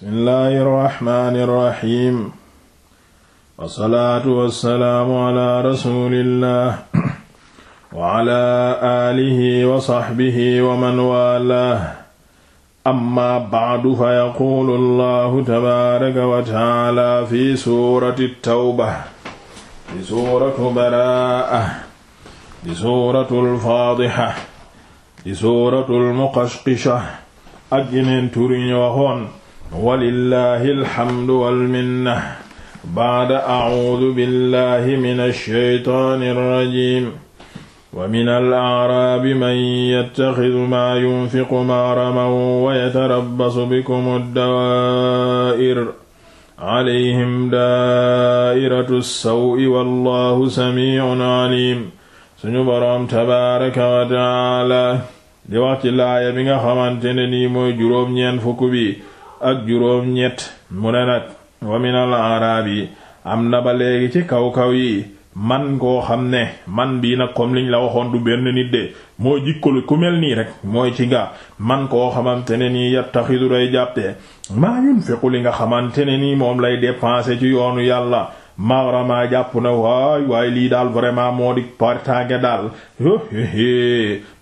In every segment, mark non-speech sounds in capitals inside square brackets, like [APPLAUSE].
bismillahi irrahmani irrahim wasalaatu wassalaamu ala rasulillah wa ala alihi wa saxbihi wa man waalaah amma bacdu fa yaquulu allahu tabaaraka wa tacaala fi suurati tawba di suuratu baraa'a di suuratu alfaadixa di suuratu almuqashqisha ak yeneen tur yi ñu waxoon walillahi alhamdu walminna baada acuudu billahi min alshaytaani alrajim wa min alacraabi man yattaxidu maa yunfiqu maaraman wa yatarabbasu bikum addaa'ir alayhim daa'iratu ssawi wallahu samiicun alim suñu boroom tabaaraka wa tacaala di wax ci laaya bi nga xamante ne nii mooy juróom-ñeent fukk bi ak juróom ñett mu ne nag wa minal araab yi am na ba léegi ci kaw-kaw yi man koo xam ne man bii nag comme liñ la waxoon du benn nit de mooy jikkalu ku mel nii rek mooy ci gaa man koo xamante ne nii yattaxidu day jàppe maa yunfiqu li nga xamante ne nii moom lay dépenser ci yoonu yàlla magrama jàpp na waay waaye lii daal vraiment moo di partage daal [LAUGHS]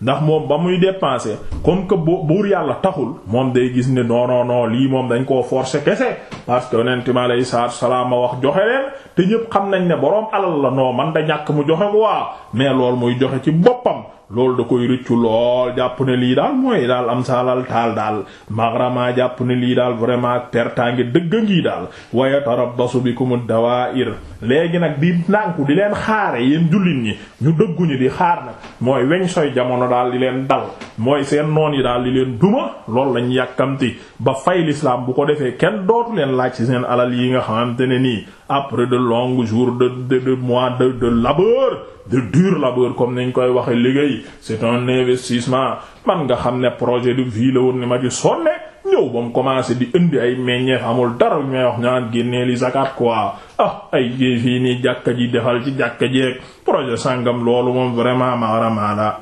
ndax moom ba muy dépenser comme que boo buur yàlla taxul moom day gis ne non non non lii moom dañ koo forcer kese parce que yonent mi alayhi salaatu salaam wax joxe leen te ñëpp xam nañ ne boroom alal la noo man da ñàkk mu joxe waa mais loolu muy joxe ci boppam. loolu da koy rëccu lool jàpp ne lii daal mooy daal am sa alal taal daal magrama jàpp ne lii daal vraiment pertange dëgg a ngii daal waya tarabbasu bikum dawaa'ir léegi nag bi ndànku di leen xaare yéen jullit ñi ñu dëgguñu di xaar nag mooy weñ sooy jamono daal di leen dal mooy seen noon yi daal di leen duma loolu lañ yàkkamti ba fay lislaam bu ko defee kenn dootu leen laaj ci seen alal yi nga xamante ne nii après de longs jours de de de mois de de labeur de dur labeur comme niñ koy waxe liggéey c'est un investissement man nga xam ne projet de vie la woon ni ma ci sonne ñëw ba mu commencé di indi ay meññeef amul dara may wax ñaan génnee li zakat quoi ah ay fii nii jàkka ji defal ci jàkka jeeg projet sàngam loolu moom vraiment maaramaana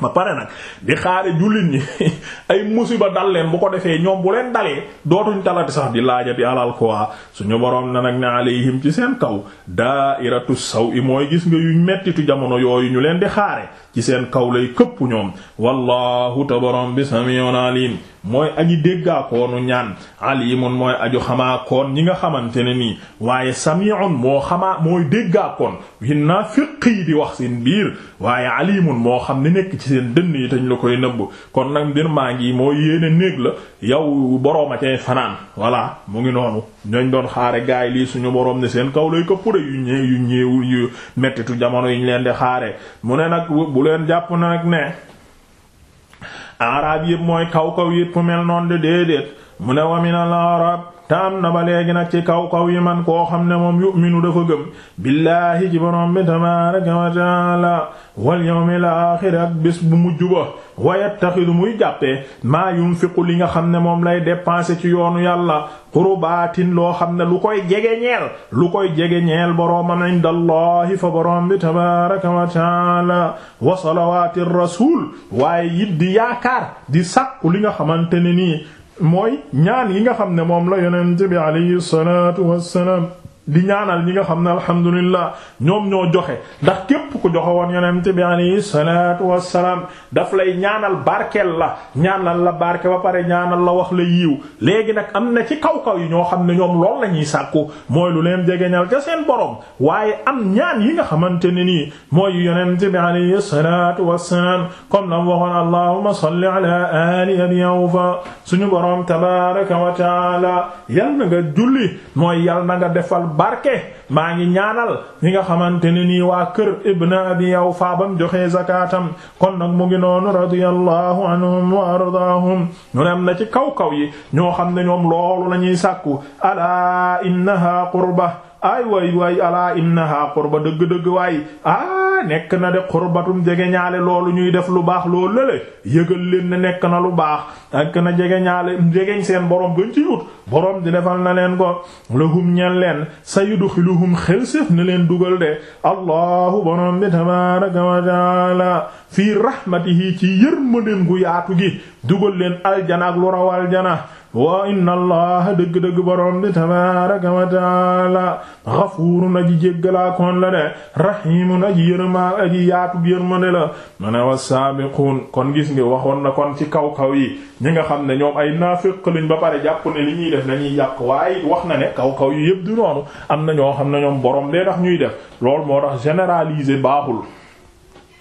ba pare nag di xaare jullit ñi [LAUGHS] ay musiba dal leen bu ko defee ñoom bu leen dalee dootuñ talati sax di laaja bi alal quoi suñu boroom na nag ne alayhim ci seen kaw daairatu saw i mooy gis nga yu mettitu jamono yooyu ñu leen di xaare ci seen kaw lay këpp ñoom wallahu ta boroom bi samiun alim mooy aji déggaakoonu ñaan alimun mooy aju xamaakoon ñi nga xamante ne nii waaye sami'un moo xamaa mooy déggaakoon yin naa fiqi di wax seen biir waaye alimun moo xam ne nekk ci seen dënn yi tañ la koy nëbb kon nag mbir maa ngi moo yéene néeg la yow borooma cay fanaan voilà mu ngi noonu ñooñ doon xaare gaay lii suñu borom ne seen kaw lay ko pure yu ñëw yu ñëw yu mettitu jamono yi ñu leen di xaare mu ne nag bu leen jàpp na nag ne arab yépp mooy kaw kaw yépp mel noon de déedéet mu ne wa min al arab ta am na ba léegi na ci kaw kaw yi man koo xam ne moom yu'minu dafa gëm billaahi ci borom bi tabaaraka wa taala wal yawmil aaxir bés bu mujj ba wa yattaxidu muy jàppee maa yunfiqu li nga xam ne moom lay dépenser ci yoonu yàlla qurbaatin loo xam ne lu koy jege ñeel lu koy jege ñeel boroomam indallahi fa boroom bi tabaaraka wa taala wa salawaati rasuul waaye it di yaakaar di sàkku li nga xamante ne nii mooy ñaan yi nga xam ne moom la yonent bi alayhi salaatu wassalaam di ñaanal ñi nga xam na alhamdulillah ñoom ñoo joxe ndax képp ku joxe woon yonent bi alayhi salaatu wassalaam daf lay ñaanal barkeel la ñaanal la barke ba pare ñaanal la wax la yiiw léegi nag am na ci kaw-kaw yi ñoo xam ne ñoom lool la ñuy sàkku mooy lu leen jegeñal ca seen borom waaye am ñaan yi nga xamante ne nii mooy yonent bi alayhi salaatu wassalaam comme lam waxoon allahumma salli ala ali abi awfa suñu borom tabaaraka wa taala yal na nga julli mooy yal na nga defal am barke maa ngi ñaanal ñi nga xamante ne nii waa kër ibn abi awfa joxe joxee zakaatam kon nag mu ngi noonu anhum wa ardaahum ñu ne am na ci kaw-kaw yi ñoo xam ne ñoom loolu lañuy sakku sàkku alaa innaha qurba ay way way alaa innaha qurba dëgg-dëgg waay ah de nekk na de xurbatum jege ñaale loolu ñuy def lu baax loolu lële yëgal leen ne nekk na lu baax nekk na jege ñaale jegeñ seen boroom gën ci wut borom di defal na leen ko lahum ñeen leen sayudxiluhum xelsef na leen dugal de allahu borom bi tabaraka wa taala fii rahmatihi ci yërmandeem gu yaatu gi dugal leen aljana ak lu raw aljana wa inna allaha dëgg-dëgg boroom bi tabaraka wa taala xafuurun aji jéggalaakoon la de rahimun aji yërëmaa aji yaatu yërmande la ma ne wa saabiquun kon gis nga waxoon na kon ci kaw-kaw yi ñi nga xam ne ñoom ay naafiq lañ ba pare jàpp ne li ñuy def nañuy yàq waaye wax na ne kaw-kaw yi yëpp du noonu am na ñoo xam ne ñoom boroom dee tax ñuy def lool moo tax généraliser baaxul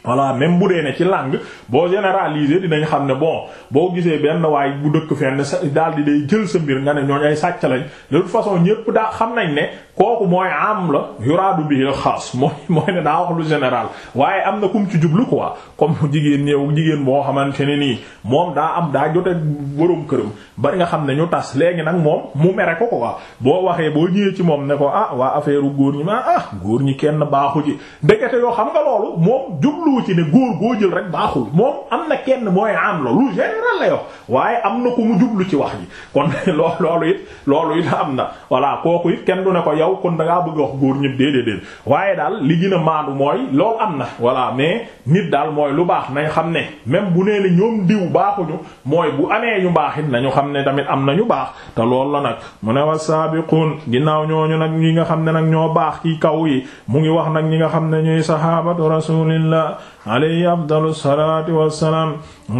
voilà même bu dee ne ci langue boo généraliser dinañ xam ne boo boo gisee benn waay bu dëkk fenn sa daal day jël sa mbir nga ne ñooñ ay sàcc lañ de façon ñépp daa xam nañ ne kooku mooy am la yuraadu bi la xaas [LAUGHS] mooy mooy ne daa wax général waaye am na kum ci jublu quoi comme jigéen ñëw jigéen boo xamante ne nii moom daa am daa jote boroom këram ba nga xam ne ñu tas léegi nag moom mu mere ko quoi boo waxee boo ñëwee ci moom ne ko ah waa affaire góor ñi ma ah góor ñi kenn baaxu ci ndekete yoo xam nga loolu moom jublu dëppoo ci ne góor goo jël rek baaxul moom am na kenn mooy am la lu général la waaye am na ku mu jublu ci wax ji kon [LAUGHS] loo loolu it loolu it am na voilà kooku it kenn du ne ko yow kon da ngaa bëgg wax góor ñëpp déedéet déedéet waaye daal li gën a maandu mooy loolu am na voilà mais nit daal mooy lu baax nañ xam ne même bu nee ne ñoom diw baaxuñu mooy bu amee ñu baax it nañu xam ne tamit am na ñu baax te loolu la nag mu ne wa saabiquun ginnaaw ñooñu nag ñi nga xam ne nag ñoo baax ci kaw yi alayhi afdalu salaati wassalaam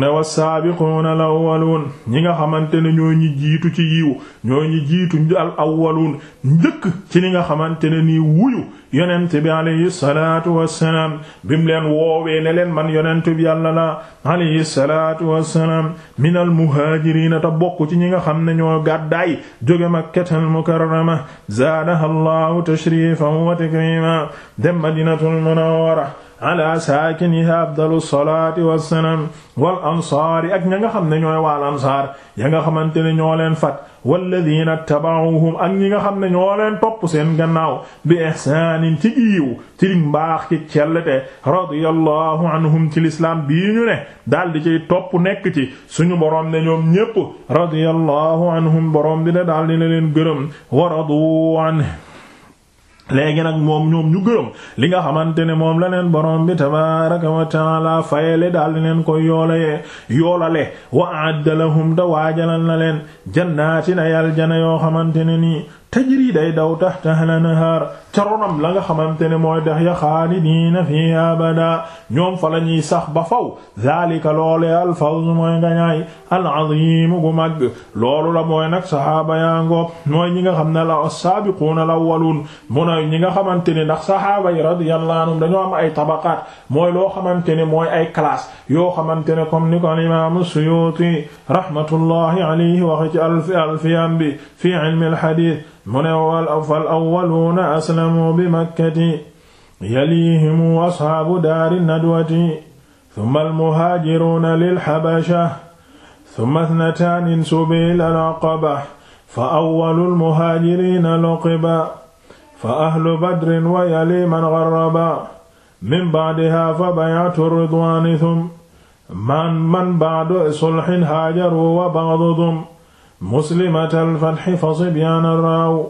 ne wassaabiquuna al awwaluun ñi nga xamante ne ñoo jiitu ci yiw ñoo jiitu al awwaluun njëkk ci li nga xamante ne nii wuyu yonent bi alayhi salaatu wassalaam leen woowee ne man yonent bi yàlla la alayhi salaatu wassalaam min al muhaajiriina te bokk ci ñi nga xam ne ñoo gàddaay jóge makkatal mukarrama zaadaha allahu tashrifan wa takrima dem madinatul munawwara ala saakiniha afdalu salaati wassalaam wal ansaari ak ña nga xam ne ñooy waal ansaar ya nga xamante ne ñoo leen fat walladina tabaauhum ak ñi nga xam ne ñoo leen topp seen gannaaw bi ihsaanin ci giiw ci li mbaax ci cellte radiyallahu anhum ci lislaam bii ñu ne daal di ciy topp nekk ci suñu boroom ne ñoom ñépp radiyallahu anhum boroom bi ne daal di leen gërëm wa radu anhu léegi nag moom ñoom ñu gërëm li nga xamante ne moom la leen borom bi tabaaraka wa taala fayale daal di leen koy yoolayee yoolale wa adda lahum te waajalal na leen jannaatin ay aljana yoo xamante ne nii tajri day daw tahtaha lanhaar ca ronam la nga xamante ne mooy dex ya xaalidiina fii abada ñoom fa la ñuy sax ba faw zalika loole alfawz mooy nga ñaay alazimu gu màgg loolu la mooy nag sahaaba yaa ngoog mooy ñi nga xam ne la as-saabiquuna al-awwaluun mu na ñi nga xamante ne ndax sahaaba yi radiyallahu anhum dañoo ay tabaqaat mooy loo xamante ne mooy ay classe yoo xamante ne comme ni ko al-imaam Suyuuti rahmatullahi alayhi wax ci alfiyam bi fi ilmi al mu ne fal awwaluuna aslamu bi makkati yalihimu asxaabu daari nadwati summa almuhaajiruuna lilxabasha summa ithnataani subil alaqaba fa awwalu almuhaajiriina luqiba fa ahlu badrin wa yali man gharaba min ba'dihaa fa bay'atu ridwaani thumma man ba'du sulhin haajaru wa ba'duhum muslimatal fatxi fa sibyaana raaw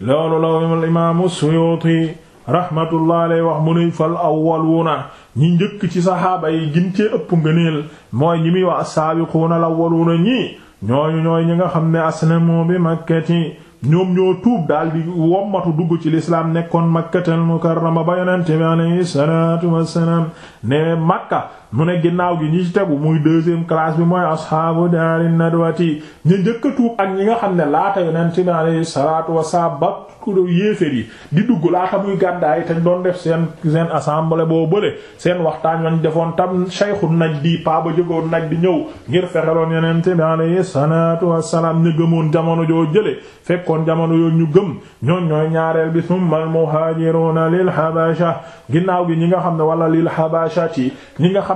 loolu la imaamu Suyuuti rahmatullah wax mu nuy fal awwaluuna ñi njëkk ci saxaaba yi gin cee ëpp ngëneel mooy ñi muy wax assaabiquuna al awwaluuna ñi ñooñu ñooy ñi nga xam ne aslamu bi makkati ñoom ñoo tuub daal di wommatu dugg ci lislaam nekkoon makkatal mukarrama ba yonente bi alayhi salaatu wassalaam ne makka mu ne ginnaaw gi ñi ci tegu muy deuxième classe bi mooy ashaabu daari nadwati ñu njëkk tuub ak ñi nga xam ne laata yonent bi alayhi salaatu wasalaam ba ku yéeféer yi di dugg laata muy gàddaay te doon def seen seen assemblée boo bële seen waxtaan wañ defoon tam sayxu naj di pa ba jógoon naj di ñëw ngir fexeloon yonent bi alayhi salaatu wasalaam ñu gëmoon jamono joo jële fekkoon jamono yoo ñu gëm ñoon ñooy ñaareel bi summal muhaajiruuna lil habasha ginnaaw gi nga xam ne wala lil habashati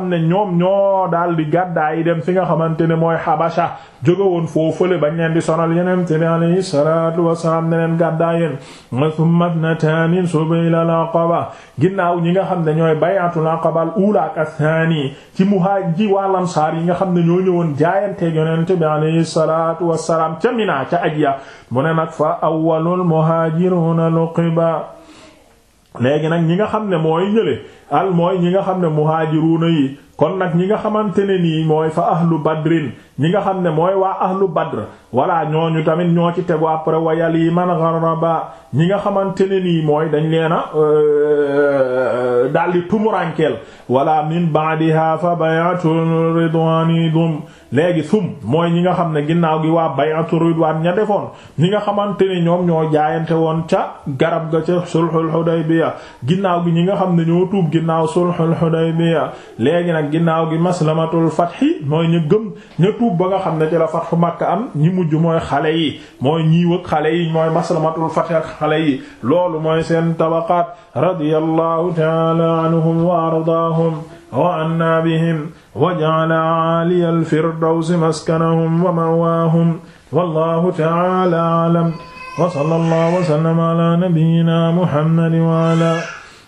xam ne ñoom ñoo daal di gàddaay dem fi nga xamante ne mooy Habasha jóge woon foofule bañ leen di sonal yeneen te bi alayhi salaatu wasalaam ne leen gàddaay yéen thumma ibnataani subiila al-aqaba ginnaaw ñi nga xam ne ñooy bay'atul aqaba al-uula ak ath-thaani ci muhaaji wal ansaar yi nga xam ne ñoo ñëwoon jaayanteeg yonent bi alayhi salaatu wasalaam ca Mina ca aj ya mu ne nag fa awwalul muhaajiruuna al-uqiba léegi nag ñi nga xam ne mooy ñële al mooy ñi nga xam ne muhaajiruuna yi kon nag ñi nga xamante ne nii mooy fa ahlu badrin ñi nga xam ne mooy waa ahlu badr walla ñu tamit ñoo ci tegu après wayal yi man gharaba ñi nga xamante ne nii mooy dañ leen a euh, euh, daldi tumurankeel walla min ba'diha fa bay'atul ridwani dum léegi sum mooy ñi nga xam ne ginnaaw gi waa bay'atul ridwan ña defoon ñi nga xamante ne ñoom ñoo jaayante woon ca garab ga ca sulhul hudaybiya ginnaaw gi ñi nga xam ne ñoo ginnaaw sulhul Hudaybiya léegi nag ginnaaw gi maslamatul fathi mooy ñu gëm ñu tuub ba nga xam ne ci la fathu Makka am ñi mujj mooy xale yi mooy ñiiw ak xale yi mooy maslamatul fathi ak xale yi loolu mooy seen tabaqaat radiyallahu ta'ala anhum wa ardaahum wa anna bihim wa ja'ala 'aliya al-firdawsi maskanahum wa ma'waahum wallahu ta'ala a'lam wa sallallahu wa sallama ala nabiyyina Muhammadin ala